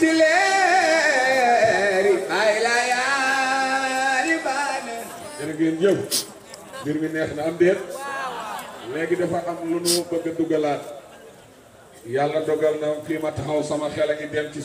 dileeri ay la yaari baane jërë ngeen jëf mbir mi neex na am déet léegi dafa am lu nu bëgg a dugalaat dogal na fii ma taxaw sama xel a ngi dem ci